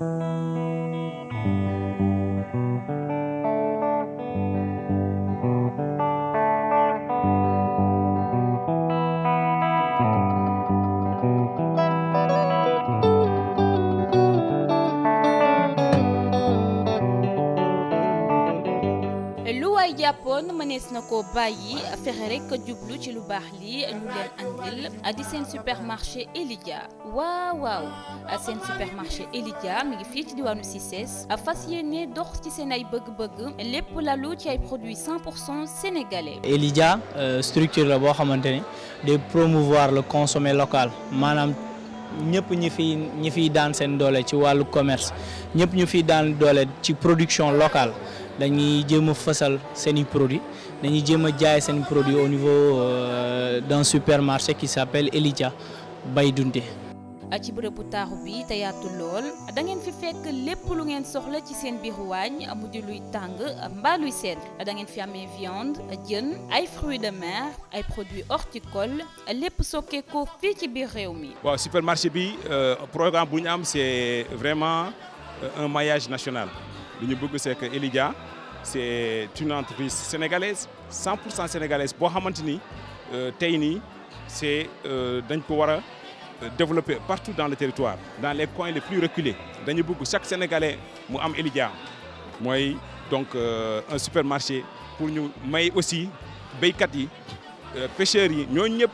Thank you. kon mënees na koo bàyyi fexe rek jublu ci lu baax li ñu leen andil di seen supermarché Elidia waaw waaw seen supermarché Elidia mi ngi fii ci diwaanu a fas yéene dox ci seen ay bëgg-bëgg lépp lalu ci ay produits 100 pour cent sénégalais. Elidia euh, structure la boo xamante ne day promouvoir le consommer local maanaam. ñëpp ñi fi ñi fi daan seen doole ci wàllu commerce ñëpp ñu fi daan doole ci production locale dañuy jéem a fasal seeni i produits dañuy jéem a jaay seen produit au niveau euh, d'un supermarché qui s'appelle Elitia Bay Dunte ci bu taaxu bi te lool da ngeen fi fekk lépp lu ngeen soxla ci seen biiru waañ mu di luy tàng mbaa luy sedd da ngeen fi amee viande jën ay fruits de mer ay produits horticoles lépp sokkee ko fii ci biir réew mi. waaw supermarché bi euh, programme bu ñu am c'est vraiment euh, un maillage national. du ñu bëgg c'est que Elidia tu une entreprise sénégalaise 100 pour cent sénégalaise boo xamante ni euh, tey nii c'est euh, dañ ko war a euh, développer partout dans le territoire dans les coins les plus reculés dañu bugg chaque sénégalais mu am Elidia mooy donc un supermarché pour ñu may aussi béykat yi pêcheurs yi ñooñu ñëpp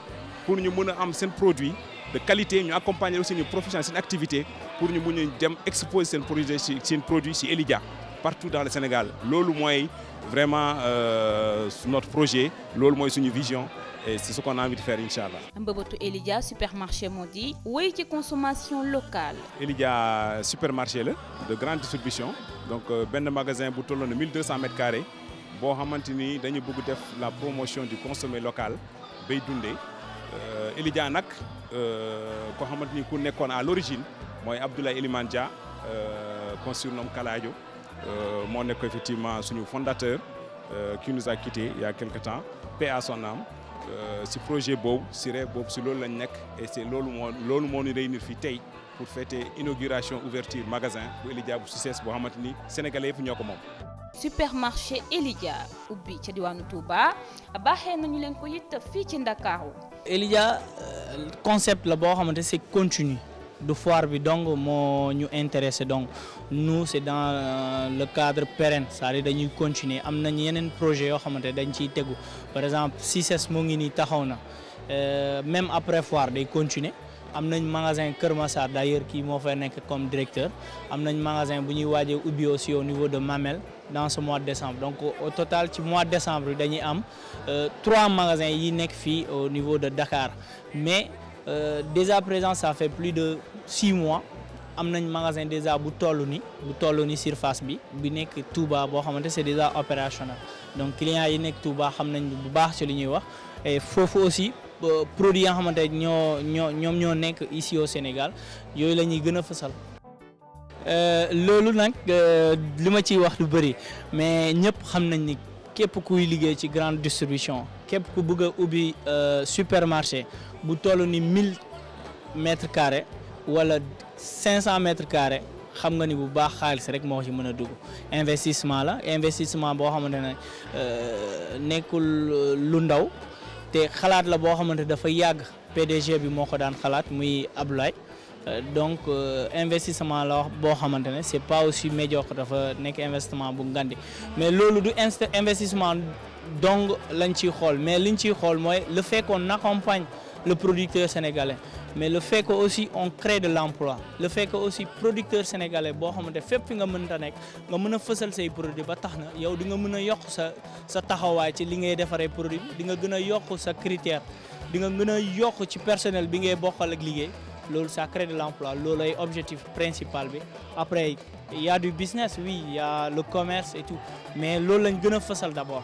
pour ñu mun a am seen produit de qualité ñu accompagner aussi ñu professionnel seen activité pour ñu mun a dem exposer seen projet ci seen produit ci Elidia partout dans le Sénégal loolu mooy vraiment euh, notre projet loolu mooy suñu vision et c'est ce qu'on a envie de faire incha allah. mbëbëtu Elidia supermarché moo di. wéy ci consommation locale. Elidia supermarché la de grande distribution donc euh, benn magasin bu tolloon 1200 mètres carrés boo xamante ni dañu bëgg def la promotion du consommé local bay dundee euh, Elidia nag koo xamante ni ku nekkoon à l'origine mooy Abdoulaye Elimane Dia qu'on euh, surnomme Kaladio euh, moo nekk effectivement suñu fondateur euh, qui nous a quitté il y a temps paix a son âme si projet boobu si rêve boobu si loolu lañ nekk et c'est loolu moo loolu moo ñu fii tey pour fêter inauguration ouverture magasin bu Elidia bu Suisse boo xamante ni sénégalais yëpp ñoo ko moom. supermarché Elidia ubbi ca diwaanu Touba baaxee nañu leen ko it fii ci Ndakaaru. Elidia concept la boo xamante c'est continu. du foire bi donc moo ñu intéressé donc nu c' est dans euh, le cadre pérenne cest à dañuy continuer am nañ yeneen projet yoo xamante dañ ci tegu par exemple CICES moo ngi nii taxaw na euh, même après foire day continuer am nañ magasin Kër Massar d' ailleurs kii moo fa nekk comme directeur am nañ magasin bu ñuy waajee ubbi aussi au niveau de Mamel dans ce mois de décembre donc au total ci mois de décembre dañuy am euh, trois magasins yi nekk fii au niveau de Dakar Euh, dès à présent ça fait plus de six mois am nañ magasin déjà bu toll ni bu toll ni surface bi bi nekk Touba boo xamante c'est déjà opérationnel donc clients yi nekk Touba xam nañ bu baax ci li ñuy wax et foofu aussi euh, produit yi xamante ñoo ñoo ñoom ñoo nekk ici au Sénégal yooyu lañuy ñuy gën a fësal euh, loolu nag li ma ciy wax lu bëri mais ñëpp xam nañ ni képp kuy liggéey ci grande distribution képp ku bëgg a ubbi supermarché bu toll ni mille mètres carrés wala cinq cent mètres carrés xam nga ni bu baax xaalis rek moo ci mën a dugg investissement la investissement boo xamante ne euh, nekkul lu ndaw te xalaat la boo xamante dafa yàgg PDG bi moo ko daan xalaat muy Abdoulaye euh, donc euh, investissement la boo xamante ne c'est pas aussi médiocre dafa nekk investissement bu ngandi mais loolu du investissement donc lañ ciy xool mais liñ ciy xool le producteur sénégalais mais le fait aussi on crée de l'emploi lu fekk aussi producteur sénégalais boo xam xamante fépp fi nga mën ta nekk nga mën a fësal say produit ba tax na yow di nga mën a yokk sa sa taxawaay ci li ngay defaree produit di nga gën a yokk sa critère di nga gën a yokk ci personnel bi ngay bokkal ak liggéey loolu ça crée de l'emploi loolu ay objectif principal bi après ya y a du business oui il y le commerce et tout mais loolu lañ gën a fësal d'abord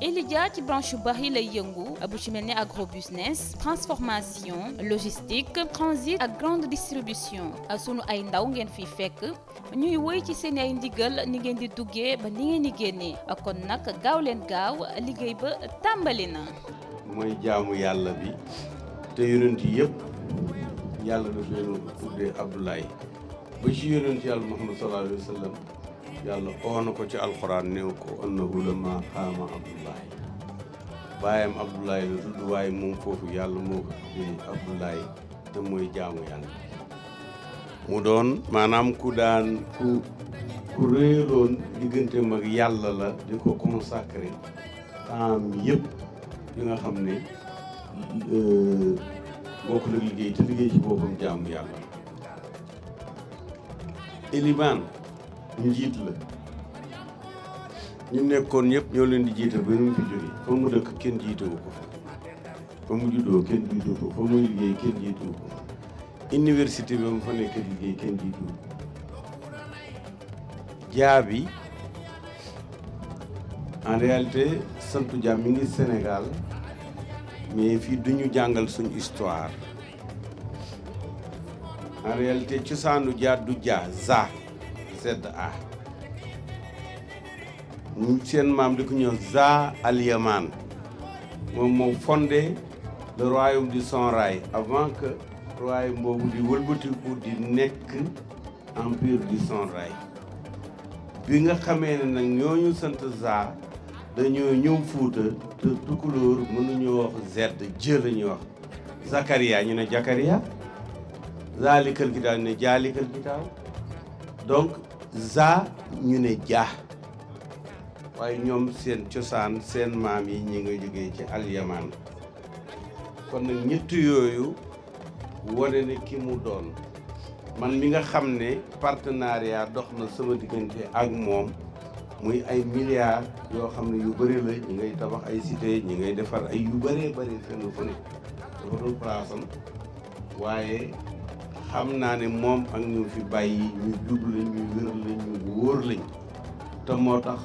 Elidia ci branche yu bari lay yëngu bu ci mel ni agro business transformation logistique transit ak grande distribution sunu ay ndaw ngeen fiy fekk ñuy woy ci seen ay ndigal ni ngeen di duggee ba ni ngeen di génnee kon nag gaaw leen gaaw liggéey ba tàmbali na. mooy jaamu yàlla bi te yonent yëpp yàlla daf leen tuddee Abdoulaye ba ci yonent yàlla Muhammad sallallahu alayhi wa yàlla oo na ko ci alxuraan néew ko annahu lamma qaama abdullahi baayam abdullahi la tudd waaye moom foofu yàlla moo ko tuddee abdullahi te mooy jaamu yàlla mu doon maanaam ku daan ku ku réeroon diggante mag yàlla la di ko consacré temps yëpp yi nga xam ne euh, bokk nag liggéey te liggéey ci boppam jaamu yàlla elimaan njiit la ñu nekkoon ñëpp ñoo leen di jiital ba ñu fi jógee fa mu dëkk kenn jiitewu ko fa mu juddoo kenn jiitewu ko fa mu liggéey kenn jiitewu ko université bi mu fa nekk liggéey kenn jiitewu ko jaabi en réalité santu jaam mi ngi Sénégal mais fii duñu jàngal suñu histoire en réalité cosaanu jaa du jaa za sedd a ah. seen maam di ko ñëw za alyaman moom moo fondé le royaume du Sonrail avant que royaume boobu di wëlbatiku di nekk empire du Sonrail bi nga xamee ne nag ñooñu sant za dañoo ñëw Fuuta te tukulóor mënuñoo wax zedd jë la wax Zakaria ñu ne Jakaria zaalikal kitaaw ñu ne jaalikal kitaaw donc za ñu ne ja waaye ñoom seen cosaan seen maam yi ñu nga jógee ci alyamaan kon nag ñett yooyu wane ne ki mu doon man mi nga xam ne partenariat dox na sama diggante ak moom muy ay milliards yoo xam ne yu bëri la ñi ngay tabax ay cité ñi ngay defar ay yu bëree bëri fenn fu waaye xam naa ne moom ak ñu fi bàyyi ñu jub lañ ñu wér ñu wóor lañ te moo tax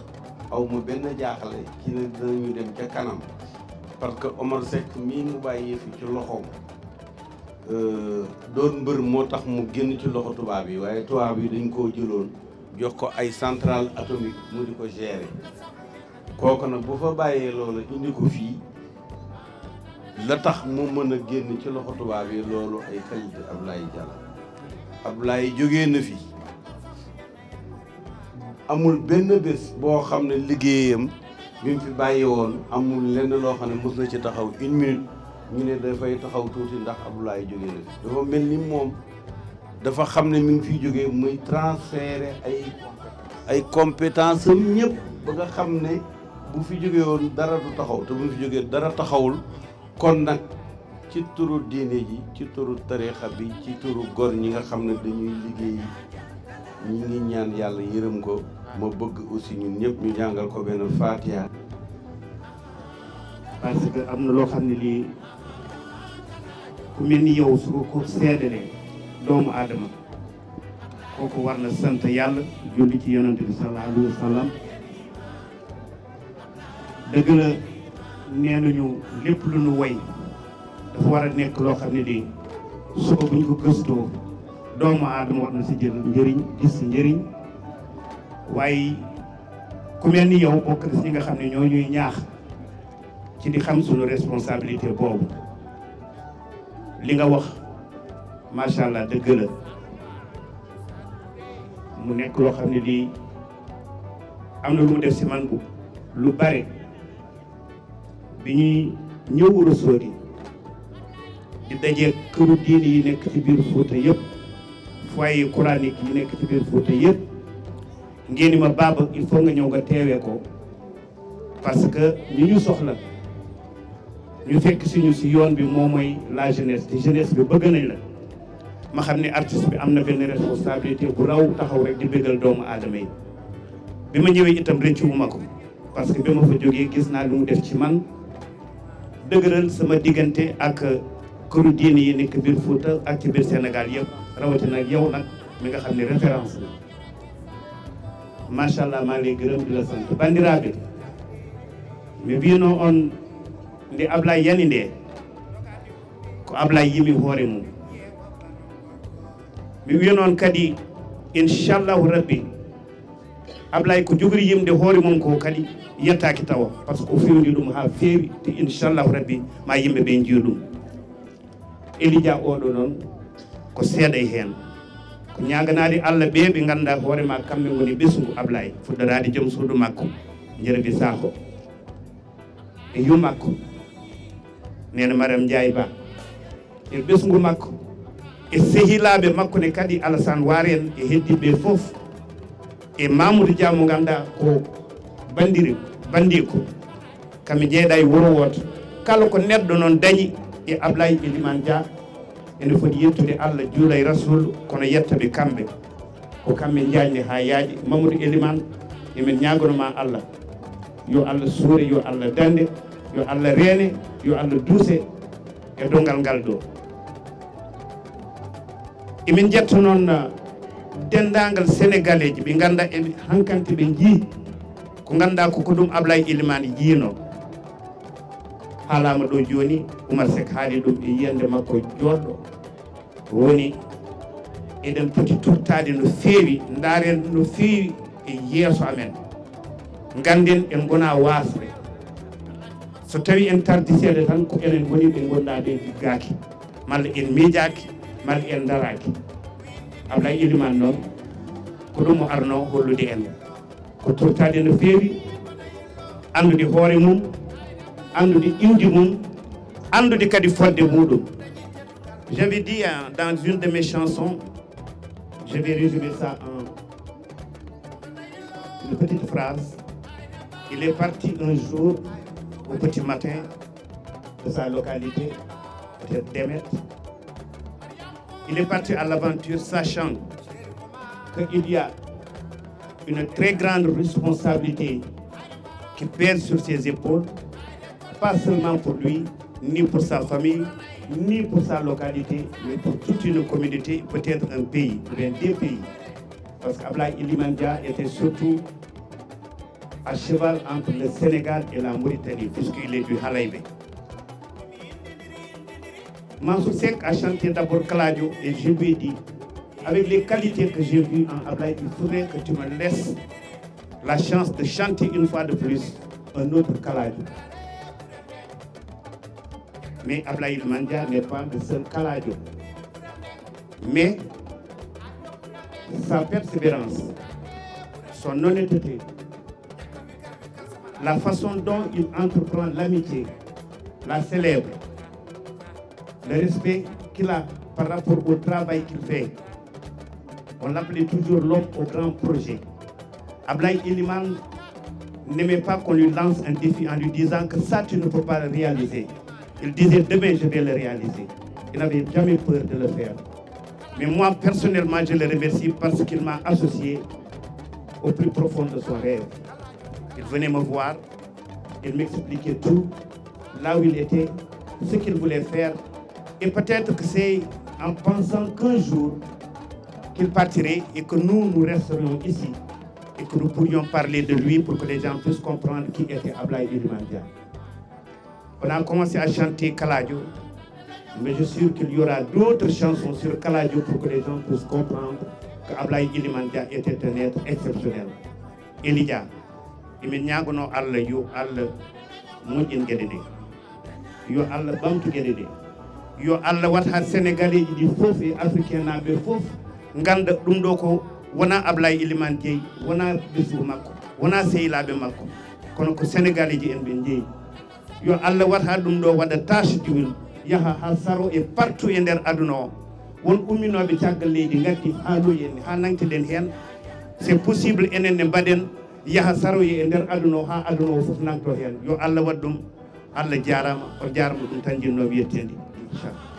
aw ma benn jaaxale ci ne danañu dem ca kanam parce que Omar Seck mii mu bàyyi fi ci loxoom euh, doon mbër moo tax mu génn ci loxo tubaab yi waaye tubaab yi dañ ko jëloon jox ko ay centrale atomique mu di ko gérer kooku nag bu fa bàyyee loola indi ko fii la tax mu mën a génn ci loxo tubaab yi loolu ay qualité Ablaye Diallo Ablaye jóge na fi amul benn bés boo xam ne liggéeyam bi mu fi bàyyi woon amul lenn loo xam ne mos na ci taxaw une minute ñu ne dafay taxaw tuuti ndax Ablaye jógee na fi dafa mel ni moom dafa xam ne mi ngi fiy jógee muy transférer ay ay compétence am ñëpp ba nga xam ne bu fi jógee woon dara du taxaw te bu fi jógee dara taxawul kon nag ci turu diine ji ci turu tarixa bi ci turu góor ñi nga xam ne dañuy liggéey ñi ngi ñaan yàlla yërëm ko ma bëgg aussi ñun ñëpp ñu jàngal ko benn faatiha parce que am na loo xam ne lii ku mel ni yow su ko ko seedalee doomu aadama kooku war na sant yàlla julli ci yonante bi sallallahu alayhi wa dëgg la nee nañu lépp lu ñu way dafa war a nekk loo xam ne di suba bu ñu ko gëstoo doomu aadama war na si jël njëriñ gis si njëriñ waaye ku mel ni yow bokk na si ñi nga xam ne ñoo ñuy ñaax ci di xam suñu responsabilité boobu li nga wax macha allah dëgg la mu nekk loo xam ne lii am na lu mu def si man bu lu bare bi ñuy ñëw Rossori di daje këru diine yi nekk ci biir Fouta yëpp foyer coranique yi nekk ci biir Fouta yëpp ngeen ma baaba il faut nga ñëw nga teewee ko parce que ñu ñu soxla ñu fekk si ñu si yoon bi moo mooy la jeunesse te jeunesse bi bëgg nañ la ma xam ne artiste bi am na benn responsabilité bu raw taxaw rek di bëggal doomu aadama yi bi ma ñëwee itam rëccu ma ko parce que bi ma fa jógee gis naa lu mu def ci man dëgëral sama diggante ak këru diine yi nekk biir ak ci biir yëpp rawatina ak yow nag mi nga xam ne référence la allah maa ngi gërëm di la sant bandiraɓe mi mbino on nde ablay yani nde ko ablay yimi hoore mum mi wiya kadi inchallahu rabbi ablay ko jogori yimde hoore mum kadi yettaki tawa que o fewni ɗum ha feewi te inchallahu rabbi ma yimɓe ɓe jiya ɗum elija oɗo noon ko seeɗa hen ko ñaganade allah ɓe ɓe ganduɗa hoorema kamɓe goni ɓesgu ablay fuɗɗorade suudu makko jerebi sako e yu makko nene ba e ɓesgu makko e ne kadi alassane waare en e heddiɓe e mamoudou dia mo ko bandiri bandiko kami jeeɗa e kala ko neɗɗo dañi e ablaye e liman dia ene foti yettude allah juula e rasul kono yettaɓe kamɓe ko kamɓe jaajde ha yaaƴi mamoudou eliman emin ñagonoma allah yo allah suure yo allah dande yo allah reene yo allah duuse e dongal ngal ɗo emin jetta noon dendagal sénégalais ji ɓe ganda eɓe hankkante ɓe jii ko ganduɗa koko ɗum ablaye ilimani jiino haalama ɗo joni oumar sek haali ɗum e yiyande makko joɗɗo woni eɗen poti tottade no feewi daren no feewi e yeeso amen ganden en gona wasɓe so tawi en tardi tan ko enen woni ɓe gonɗa ɓe ɗiggaki malla en miijaki malla en daraki Ablaye Elimane noon ko ɗum o arno hollude en ko tottade no feewi anndude hoore mum anndude indi mum anndude kadi fodde muɗum j'avais dit dans une de mes chansons je vais résumer ça en une petite il est parti un jour au petit matin de sa localité Demet Il est parti à l'aventure sachant qu'il y a une très grande responsabilité qui pèse sur ses épaules, pas seulement pour lui, ni pour sa famille, ni pour sa localité, mais pour toute une communauté, peut-être un pays, ou bien pays. Parce qu'Ablaï Ilimandia était surtout à cheval entre le Sénégal et la Mauritanie, puisqu'il est du Halaïbé. Mansour Seck a chanté d'abord Claudio et je lui dit, avec les qualités que j'ai vues en Ablaye, il faudrait que tu me laisses la chance de chanter une fois de plus un autre Claudio. Mais Ablaye Mandia n'est pas le seul Claudio. Mais sa persévérance, son honnêteté, la façon dont il entreprend l'amitié, la célèbre, le respect qu'il a par rapport au travail qu'il fait. On l'appelait toujours l'homme au grand projet. Ablaï Iliman n'aimait pas qu'on lui lance un défi en lui disant que ça, tu ne peux pas le réaliser. Il n'avait jamais peur de le faire. Mais moi, personnellement, je le remercie parce qu'il m'a associé au plus profond de son rêve. Il venait me voir, il m'expliquait tout, là où il était, ce qu'il voulait faire Et peut-être que c'est en pensant qu'un jour, qu'il partirait et que nous, nous resterions ici et que nous parler de lui pour que les gens puissent comprendre qui était Ablaye Mandia. On a commencé à chanter Kaladio, mais je suis sûr qu'il y aura d'autres chansons sur Kaladio pour que les gens puissent comprendre qu'Ablaye Mandia était un être exceptionnel. Elidia, il y Allah, yo Allah, yo Allah, yo allah wat ha sénégalais ji fof e africain naɓe fof ganda ɗum ɗo ko wona ablaye iliman jeeyi wona ɓesgu makko wona sehilaɓe makko kono ko sénégalais en ɓe jeeyi yo allah wat ha ɗum ɗo waɗa tache d'huile yaha ha saro e partout e aduna o won umminoɓe caggal leydi gaddi haaloyi en ha nangteɗen hen c'est possible enen ne mbaɗen yaha saroyi e nder aduna o ha aduna o foof nangto hen allah waɗ ɗum allah jarama o jarama incha allah